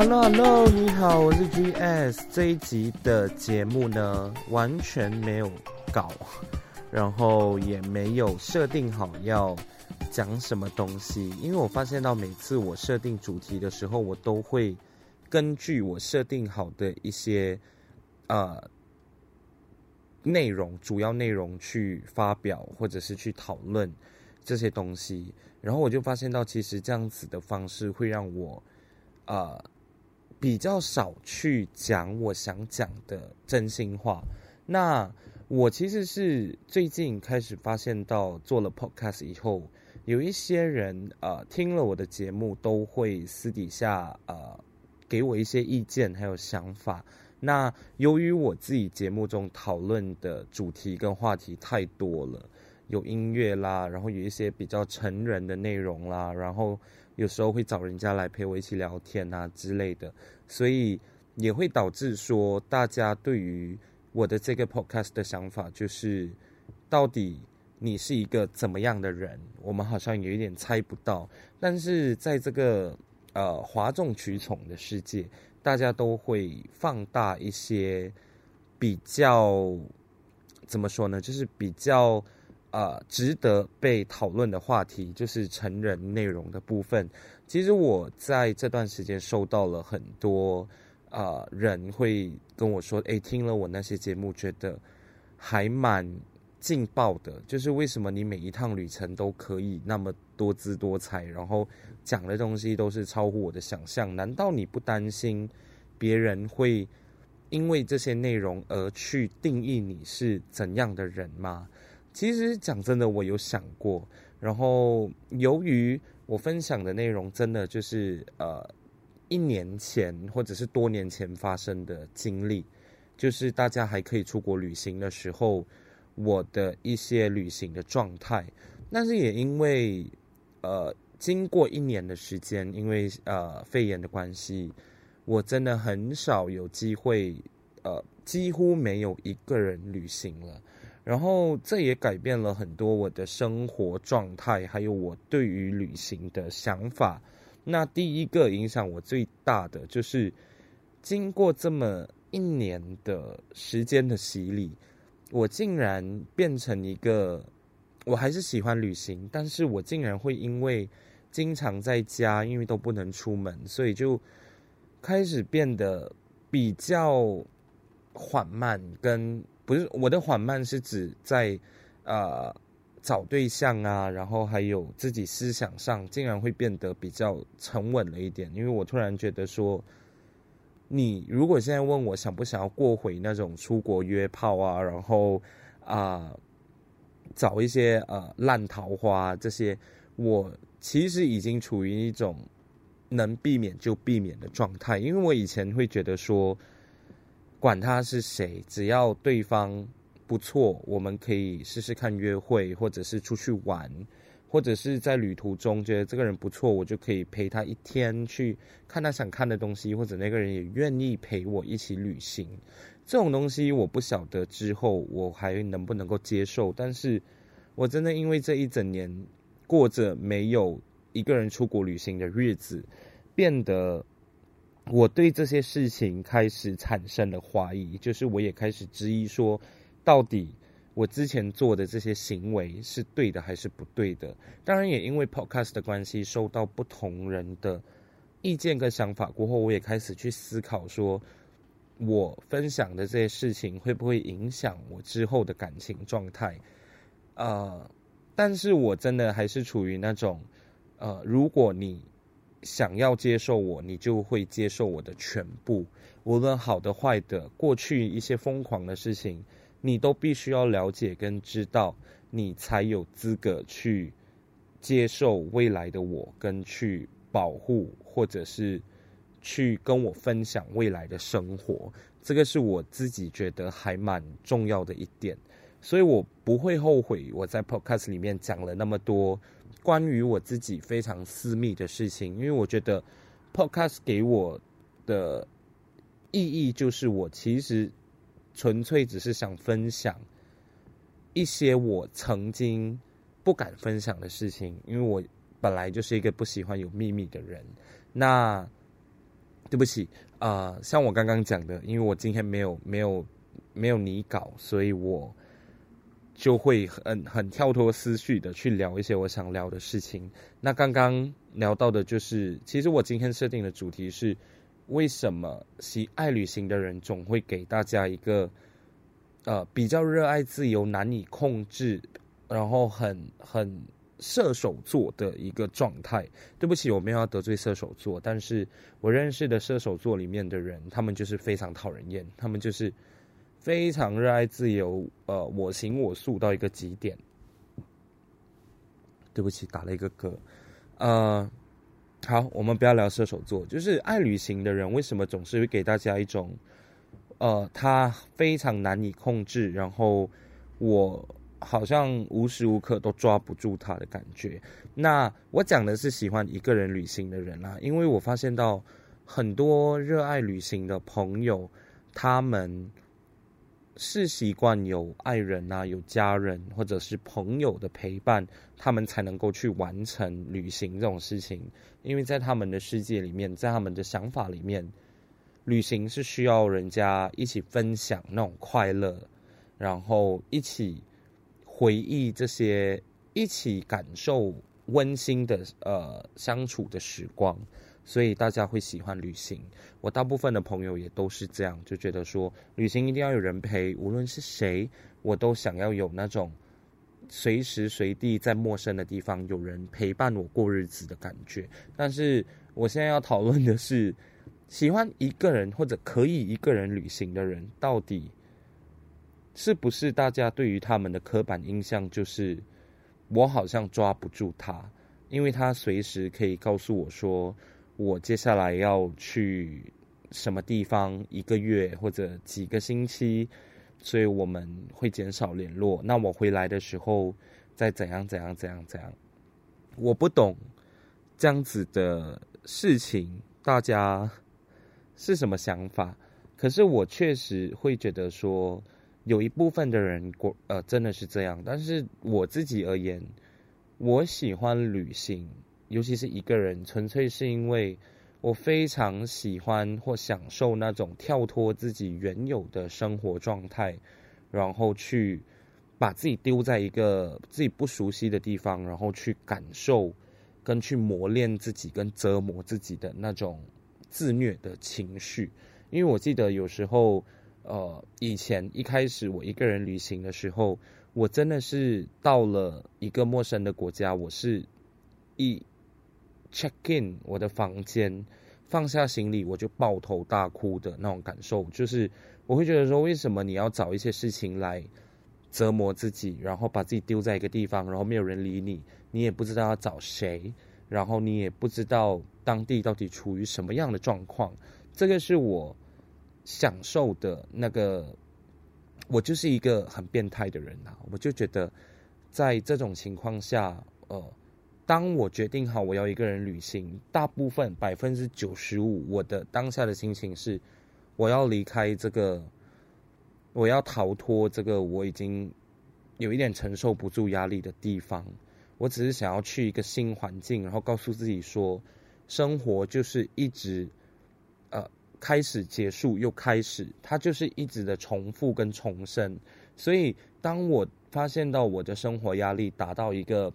Hello Hello，你好，我是 GS。這一集的節目呢，完全沒有稿，然後也沒有設定好要講什麼東西。因為我發現到每次我設定主題的時候，我都會根據我設定好的一些呃內容，主要內容去發表或者是去討論這些東西。然後我就發現到，其實這樣子的方式會讓我呃。比較少去講我想講的真心話。那我其實是最近開始發現到，做了 podcast 以後，有一些人呃聽了我的節目，都會私底下呃給我一些意見還有想法。那由於我自己節目中討論的主題跟話題太多了。有音樂啦，然後有一些比較成人的內容啦，然後有時候會找人家來陪我一起聊天啊之類的，所以也會導致說大家對於我的這個 podcast 的想法就是，到底你是一個怎麼樣的人，我們好像有一點猜不到。但是在這個呃譁眾取寵的世界，大家都會放大一些比較，怎麼說呢，就是比較。呃，值得被討論的話題就是成人內容的部分。其實我在這段時間收到了很多啊、呃，人會跟我說：“哎，聽了我那些節目，覺得還蠻勁爆的。就是為什麼你每一趟旅程都可以那麼多姿多彩，然後講的東西都是超乎我的想象？難道你不擔心別人會因為這些內容而去定義你是怎樣的人嗎？”其實講真的，我有想過。然後，由於我分享的內容真的就是呃，一年前或者是多年前發生的經歷，就是大家還可以出國旅行的時候，我的一些旅行的狀態。但是也因為呃，經過一年的時間，因為呃肺炎的關係，我真的很少有機會，呃，幾乎沒有一個人旅行了。然後，這也改變了很多我的生活狀態，還有我對於旅行的想法。那第一個影響我最大的，就是經過這麼一年的時間的洗禮，我竟然變成一個，我還是喜歡旅行，但是我竟然會因為經常在家，因為都不能出門，所以就開始變得比較緩慢跟。不是，我的緩慢是指在啊、呃、找對象啊，然後還有自己思想上竟然會變得比較沉穩了一點，因為我突然覺得說，你如果現在問我想不想要過回那種出國約炮啊，然後啊、呃、找一些啊、呃、爛桃花這些，我其實已經處於一種能避免就避免的狀態，因為我以前會覺得說。管他是誰，只要對方不錯，我們可以試試看約會，或者是出去玩，或者是在旅途中覺得這個人不錯，我就可以陪他一天去看他想看的東西，或者那個人也願意陪我一起旅行。這種東西我不曉得之後我還能不能夠接受，但是我真的因為這一整年過着沒有一個人出國旅行的日子，變得。我對這些事情開始產生了懷疑，就是我也開始質疑說，到底我之前做的這些行為是對的還是不對的？當然，也因為 podcast 的關係，收到不同人的意見跟想法，過後我也開始去思考說，我分享的這些事情會不會影響我之後的感情狀態。呃，但是我真的還是處於那種，呃，如果你。想要接受我，你就會接受我的全部，無論好的壞的，過去一些瘋狂的事情，你都必須要了解跟知道，你才有資格去接受未來的我，跟去保護，或者是去跟我分享未來的生活。這個是我自己覺得還蠻重要的一點，所以我不會後悔我在 Podcast 裡面講了那麼多。關於我自己非常私密的事情，因為我覺得 Podcast 給我的意義就是，我其實純粹只是想分享一些我曾經不敢分享的事情，因為我本來就是一個不喜歡有秘密的人。那對不起，啊、呃，像我剛剛講的，因為我今天沒有沒有沒有你搞，所以我。就會很很跳脫思緒的去聊一些我想聊的事情。那剛剛聊到的就是，其實我今天設定的主題是，為什麼喜愛旅行的人總會給大家一個，呃，比較熱愛自由、難以控制，然後很很射手座的一個狀態。對不起，我沒有要得罪射手座，但是我認識的射手座裡面的人，他們就是非常討人厭，他們就是。非常熱愛自由，呃，我行我素到一個極點。對不起，打了一個嗝。呃，好，我們不要聊射手座，就是愛旅行的人為什麼總是會給大家一種，呃，他非常難以控制，然後我好像無時無刻都抓不住他的感覺。那我講的是喜歡一個人旅行的人啦，啊，因為我發現到很多熱愛旅行的朋友，他們。是習慣有愛人啊，有家人或者是朋友的陪伴，他們才能夠去完成旅行這種事情。因為在他們的世界裡面，在他們的想法裡面，旅行是需要人家一起分享那種快樂，然後一起回憶這些，一起感受溫馨的呃相處的時光。所以大家會喜歡旅行，我大部分的朋友也都是這樣，就覺得說旅行一定要有人陪，無論是誰，我都想要有那種隨時隨地在陌生的地方有人陪伴我過日子的感覺。但是我現在要討論的是，喜歡一個人或者可以一個人旅行的人，到底是不是大家對於他們的刻板印象，就是我好像抓不住他，因為他隨時可以告訴我說。我接下來要去什麼地方，一個月或者幾個星期，所以我們會減少聯絡。那我回來的時候再怎樣怎樣怎樣怎樣。我不懂這樣子的事情，大家是什麼想法？可是我確實會覺得說，有一部分的人過呃，真的是這樣。但是我自己而言，我喜歡旅行，尤其是一個人，純粹是因為我非常喜歡或享受那種跳脫自己原有的生活狀態，然後去把自己丟在一個自己不熟悉的地方，然後去感受跟去磨練自己跟折磨自己的那種自虐的情緒。因為我記得有時候，呃，以前一開始我一個人旅行的時候，我真的是到了一個陌生的國家，我是一。Check in 我的房間，放下行李我就抱頭大哭的那種感受，就是我會覺得說，為什麼你要找一些事情來折磨自己，然後把自己丟在一個地方，然後沒有人理你，你也不知道要找誰，然後你也不知道當地到底處於什麼樣的狀況，這個是我享受的那個，我就是一個很變態的人吶、啊，我就覺得在這種情況下，呃。當我決定好我要一個人旅行，大部分百分之九十五我的當下的心情是，我要離開這個，我要逃脫這個我已經有一點承受不住壓力的地方。我只是想要去一個新環境，然後告訴自己說，生活就是一直，呃，開始結束又開始，它就是一直的重複跟重生。所以當我發現到我的生活壓力達到一個，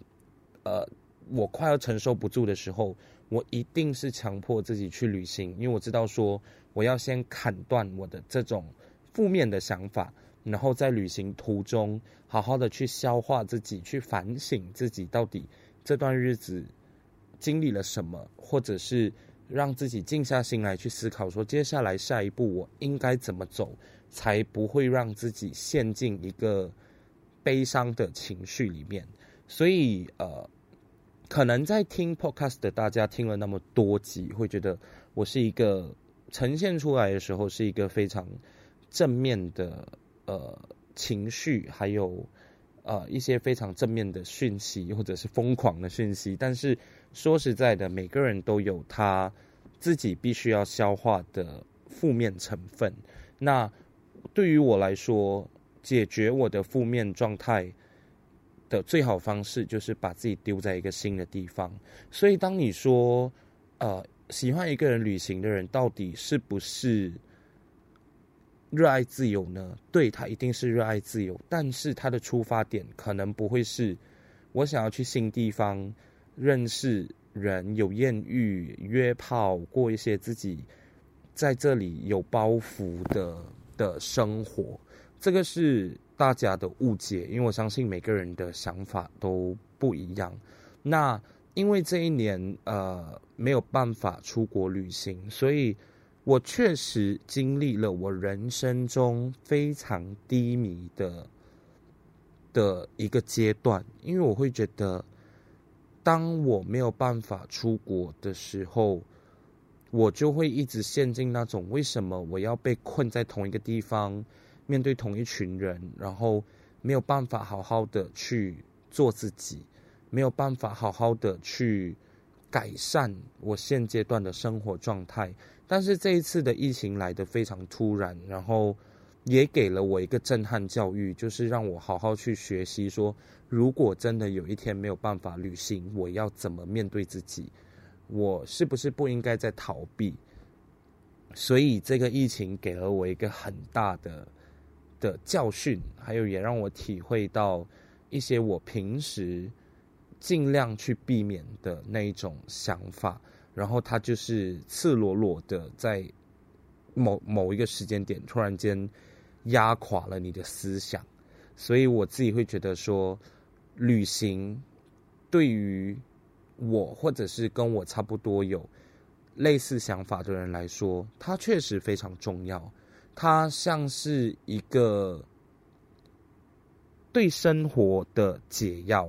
呃，我快要承受不住的時候，我一定是強迫自己去旅行，因為我知道說我要先砍斷我的這種負面的想法，然後在旅行途中好好的去消化自己，去反省自己到底這段日子經歷了什麼，或者是讓自己靜下心來去思考，說接下來下一步我應該怎麼走，才不會讓自己陷進一個悲傷的情緒裡面。所以呃。可能在聽 podcast 的大家聽了那麼多集，會覺得我是一個呈現出來的時候是一個非常正面的呃情緒，還有呃一些非常正面的訊息，或者是瘋狂的訊息。但是說實在的，每個人都有他自己必須要消化的負面成分。那對於我來說，解決我的負面狀態。的最好方式就是把自己丟在一個新的地方。所以，當你說，呃，喜歡一個人旅行的人到底是不是熱愛自由呢？對，他一定是熱愛自由，但是他的出發點可能不會是“我想要去新地方認識人、有豔遇、約炮、過一些自己在這裡有包袱的的生活”。這個是。大家的誤解，因為我相信每個人的想法都不一樣。那，因為這一年，呃，沒有辦法出國旅行，所以我確實經歷了我人生中非常低迷的的一個階段。因為我會覺得，當我沒有辦法出國的時候，我就會一直陷進那種，為什麼我要被困在同一個地方。面對同一群人，然後沒有辦法好好的去做自己，沒有辦法好好的去改善我現階段的生活狀態。但是這一次的疫情來得非常突然，然後也給了我一個震撼教育，就是讓我好好去學習說：說，如果真的有一天沒有辦法旅行，我要怎麼面對自己？我是不是不應該再逃避？所以這個疫情給了我一個很大的的教訓，還有也讓我體會到一些我平時盡量去避免的那一種想法，然後它就是赤裸裸的在某某一個時間點突然間壓垮了你的思想，所以我自己會覺得說，旅行對於我或者是跟我差不多有類似想法的人來說，它確實非常重要。它像是一個對生活的解藥，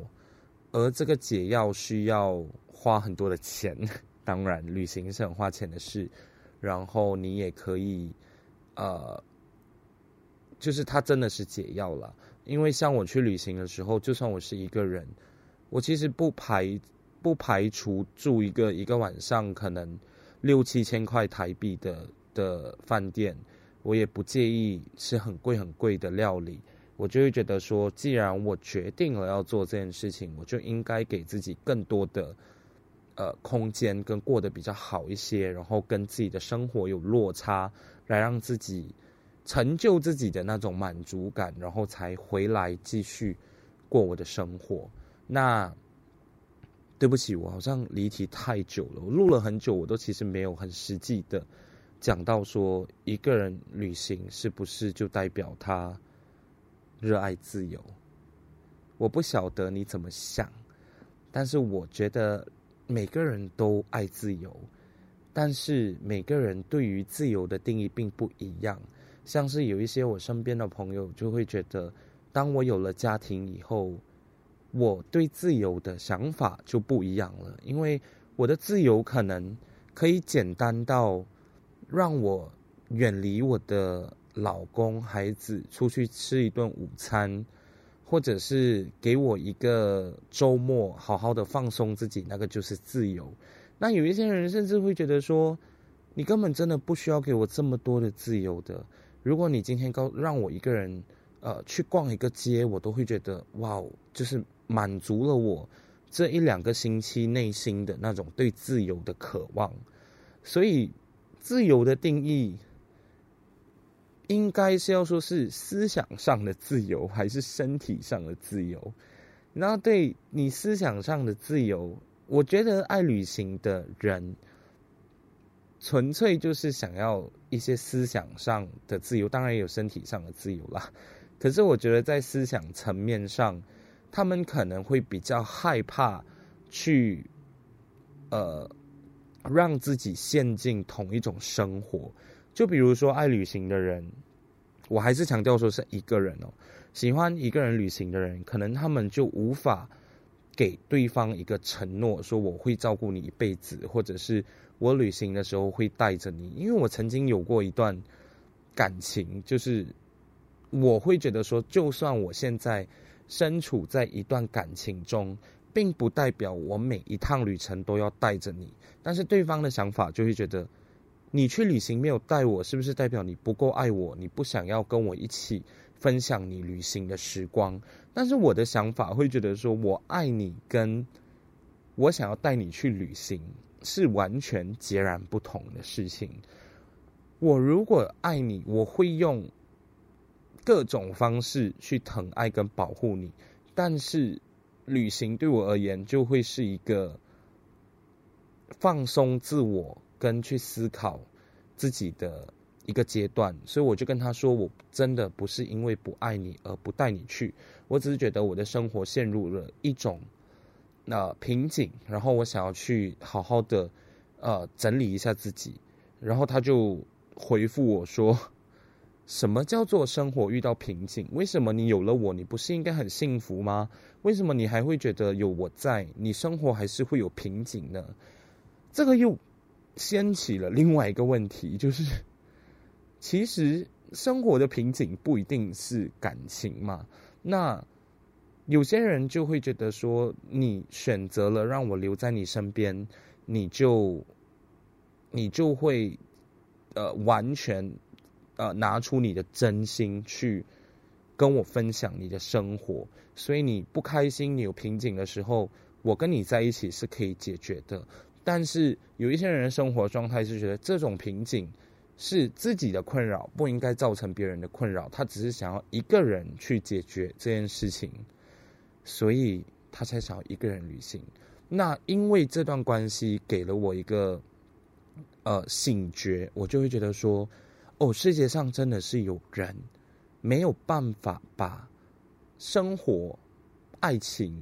而這個解藥需要花很多的錢。當然，旅行是很花錢的事。然後你也可以，呃，就是它真的是解藥了。因為像我去旅行的時候，就算我是一個人，我其實不排不排除住一個一個晚上可能六七千塊台幣的的飯店。我也不介意吃很貴很貴的料理，我就會覺得說，既然我決定了要做這件事情，我就應該給自己更多的呃空間，跟過得比較好一些，然後跟自己的生活有落差，來讓自己成就自己的那種滿足感，然後才回來繼續過我的生活。那對不起，我好像離題太久了，我錄了很久，我都其實沒有很實際的。講到說，一個人旅行是不是就代表他熱愛自由？我不曉得你怎麼想，但是我覺得每個人都愛自由，但是每個人對於自由的定義並不一樣。像是有一些我身邊的朋友就會覺得，當我有了家庭以後，我對自由的想法就不一樣了，因為我的自由可能可以簡單到。讓我遠離我的老公、孩子，出去吃一頓午餐，或者是給我一個周末，好好的放鬆自己，那個就是自由。那有一些人甚至會覺得說，你根本真的不需要給我這麼多的自由的。如果你今天讓我一個人呃去逛一個街，我都會覺得哇，就是滿足了我這一兩個星期內心的那種對自由的渴望。所以。自由的定義，應該是要說是思想上的自由還是身體上的自由？那對你思想上的自由，我覺得愛旅行的人，純粹就是想要一些思想上的自由，當然也有身體上的自由啦。可是我覺得在思想層面上，他們可能會比較害怕去，呃。讓自己陷進同一種生活，就比如說，愛旅行的人，我還是強調說是一個人哦，喜歡一個人旅行的人，可能他們就無法給對方一個承諾，說我會照顧你一輩子，或者是我旅行的時候會帶着你。因為我曾經有過一段感情，就是我會覺得說，就算我現在身處在一段感情中。並不代表我每一趟旅程都要帶着你，但是對方的想法就會覺得，你去旅行沒有帶我，是不是代表你不夠愛我？你不想要跟我一起分享你旅行的時光？但是我的想法會覺得說，說我愛你，跟我想要帶你去旅行是完全截然不同的事情。我如果愛你，我會用各種方式去疼愛跟保護你，但是。旅行對我而言就會是一個放鬆自我跟去思考自己的一個階段，所以我就跟他說，我真的不是因為不愛你而不帶你去，我只是覺得我的生活陷入了一種那、呃、瓶頸，然後我想要去好好的呃整理一下自己，然後他就回復我說。什麼叫做生活遇到瓶頸？為什麼你有了我，你不是應該很幸福嗎？為什麼你還會覺得有我在，你生活還是會有瓶頸呢？這個又掀起了另外一個問題，就是其實生活的瓶頸不一定是感情嘛。那有些人就會覺得說，你選擇了讓我留在你身邊，你就你就會呃完全。呃，拿出你的真心去跟我分享你的生活，所以你不開心、你有瓶頸的時候，我跟你在一起是可以解決的。但是有一些人的生活狀態是覺得這種瓶頸是自己的困擾，不應該造成別人的困擾，他只是想要一個人去解決這件事情，所以他才想要一個人旅行。那因為這段關係給了我一個呃醒覺，我就會覺得說。哦，世界上真的是有人沒有辦法把生活、愛情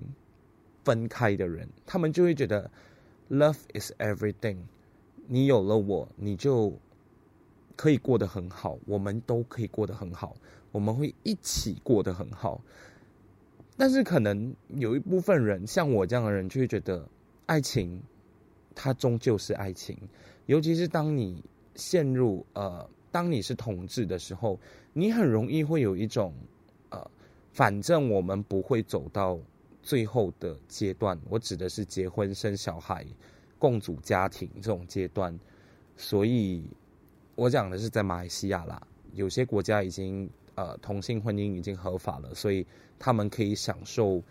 分開的人，他們就會覺得 “Love is everything”。你有了我，你就可以過得很好，我們都可以過得很好，我們會一起過得很好。但是，可能有一部分人，像我這樣的人，就會覺得愛情它終究是愛情，尤其是當你陷入呃。當你是同志的時候，你很容易會有一種，呃，反正我們不會走到最後的階段。我指的是結婚生小孩、共組家庭這種階段。所以我講的是在馬來西亞啦，有些國家已經呃同性婚姻已經合法了，所以他們可以享受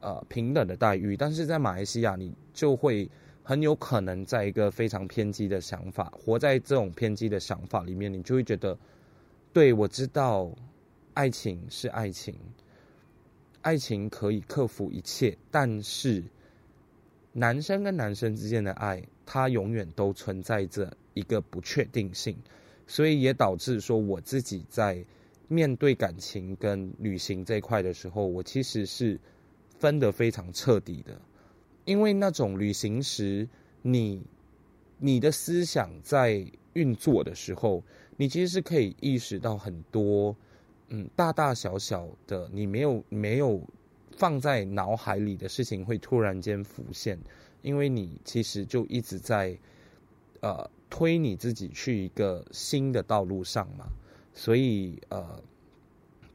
呃平等的待遇。但是在馬來西亞，你就會。很有可能在一個非常偏激的想法，活在這種偏激的想法裡面，你就會覺得，對，我知道，愛情是愛情，愛情可以克服一切，但是男生跟男生之間的愛，它永遠都存在着一個不確定性，所以也導致說我自己在面對感情跟旅行這一塊的時候，我其實是分得非常徹底的。因為那種旅行時，你你的思想在運作的時候，你其實是可以意識到很多，嗯，大大小小的你沒有沒有放在腦海裡的事情會突然間浮現，因為你其實就一直在，呃，推你自己去一個新的道路上嘛，所以呃，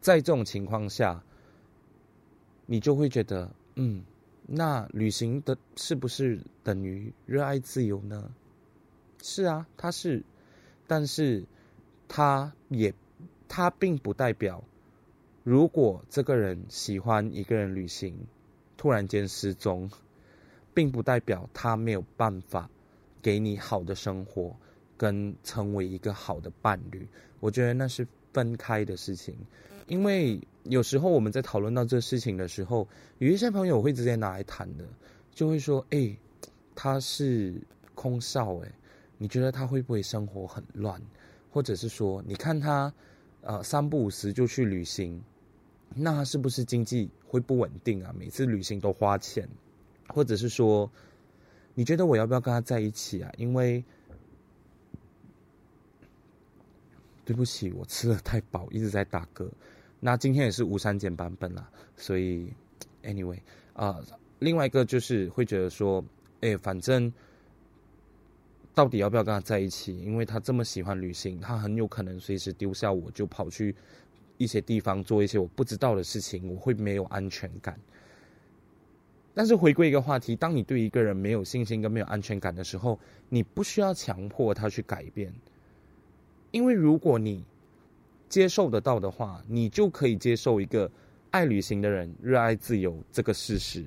在這種情況下，你就會覺得嗯。那旅行的是不是等於熱愛自由呢？是啊，他是，但是，他也，他並不代表，如果這個人喜歡一個人旅行，突然間失蹤，並不代表他沒有辦法給你好的生活跟成為一個好的伴侶。我覺得那是分開的事情。因為有時候我們在討論到這事情的時候，有一些朋友會直接拿來談的，就會說：“哎、欸，他是空少哎，你覺得他會不會生活很亂？或者是說，你看他呃三不五時就去旅行，那他是不是經濟會不穩定啊？每次旅行都花錢，或者是說，你覺得我要不要跟他在一起啊？因為對不起，我吃了太飽，一直在打嗝。”那今天也是無刪減版本啦，所以，anyway，啊、呃，另外一個就是會覺得說，哎、欸，反正到底要不要跟他在一起？因為他這麼喜歡旅行，他很有可能隨時丟下我就跑去一些地方做一些我不知道的事情，我會沒有安全感。但是回歸一個話題，當你對一個人沒有信心跟沒有安全感的時候，你不需要強迫他去改變，因為如果你接受得到的話，你就可以接受一個愛旅行的人熱愛自由這個事實。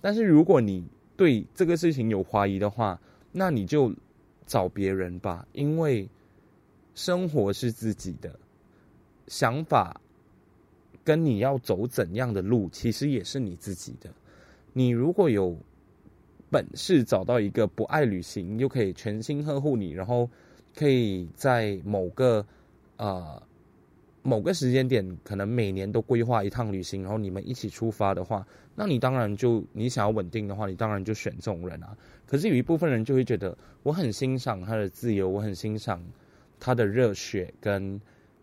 但是，如果你對這個事情有懷疑的話，那你就找別人吧，因為生活是自己的，想法跟你要走怎樣的路，其實也是你自己的。你如果有本事找到一個不愛旅行又可以全心呵護你，然後可以在某個呃……某個時間點，可能每年都規劃一趟旅行，然後你們一起出發的話，那你當然就，你想要穩定的話，你當然就選這種人啊。可是有一部分人就會覺得，我很欣賞他的自由，我很欣賞他的熱血跟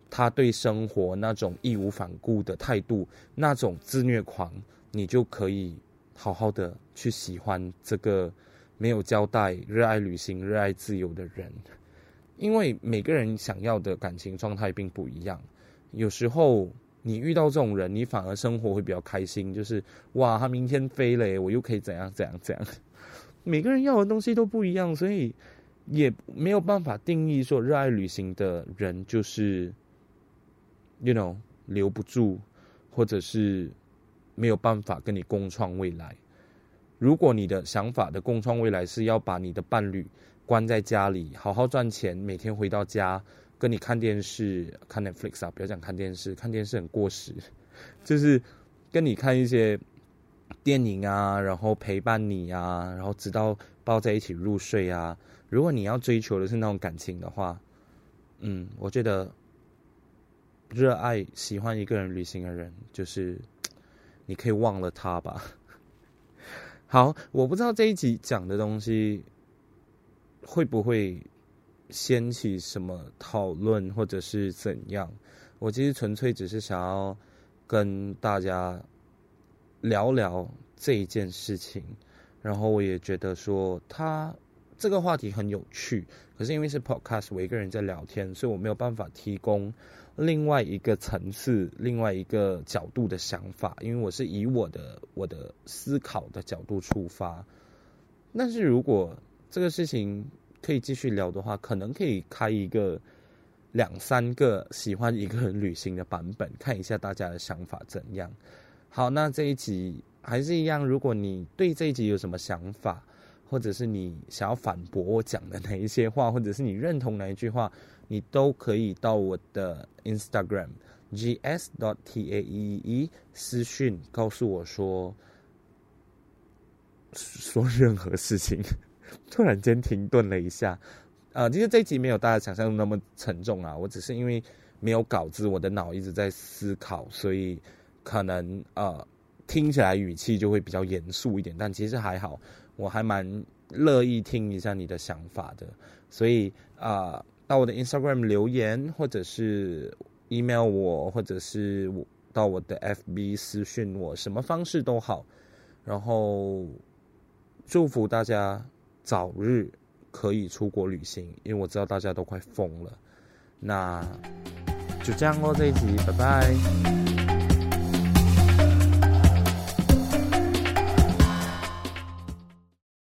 他對生活那種義無反顧的態度，那種自虐狂，你就可以好好的去喜歡這個沒有交代、熱愛旅行、熱愛自由的人，因為每個人想要的感情狀態並不一樣。有時候你遇到這種人，你反而生活會比較開心。就是哇，他明天飛了，我又可以怎樣怎樣怎樣。每個人要的東西都不一樣，所以也沒有辦法定義說熱愛旅行的人就是，you know，留不住，或者是沒有辦法跟你共創未來。如果你的想法的共創未來是要把你的伴侶關在家裡，好好賺錢，每天回到家。跟你看電視、看 Netflix 啊，不要講看電視，看電視很過時。就是跟你看一些電影啊，然後陪伴你啊，然後直到抱在一起入睡啊。如果你要追求的是那種感情的話，嗯，我覺得熱愛、喜歡一個人旅行的人，就是你可以忘了他吧。好，我不知道這一集講的東西會不會掀起什麼討論，或者是怎樣？我其實純粹只是想要跟大家聊聊這一件事情。然後我也覺得說他，他這個話題很有趣。可是因為是 podcast，我一個人在聊天，所以我沒有辦法提供另外一個層次、另外一個角度的想法。因為我是以我的我的思考的角度出發。但是如果這個事情，可以繼續聊的話，可能可以開一個兩三個喜歡一個人旅行的版本，看一下大家的想法怎樣。好，那這一集還是一樣，如果你對這一集有什麼想法，或者是你想要反駁我講的哪一些話，或者是你認同哪一句話，你都可以到我的 Instagram gs.taeee 私訊告訴我，說說任何事情。突然間停頓了一下，啊、呃，其實這一集沒有大家想象那麼沉重啊。我只是因為沒有稿子，我的腦一直在思考，所以可能啊、呃，聽起來語氣就會比較嚴肅一點。但其實還好，我還蠻樂意聽一下你的想法的。所以啊、呃，到我的 Instagram 留言，或者是 Email 我，或者是我到我的 FB 私訊我，什麼方式都好。然後祝福大家。早日可以出國旅行，因為我知道大家都快瘋了。那就這樣咯，這一集拜拜。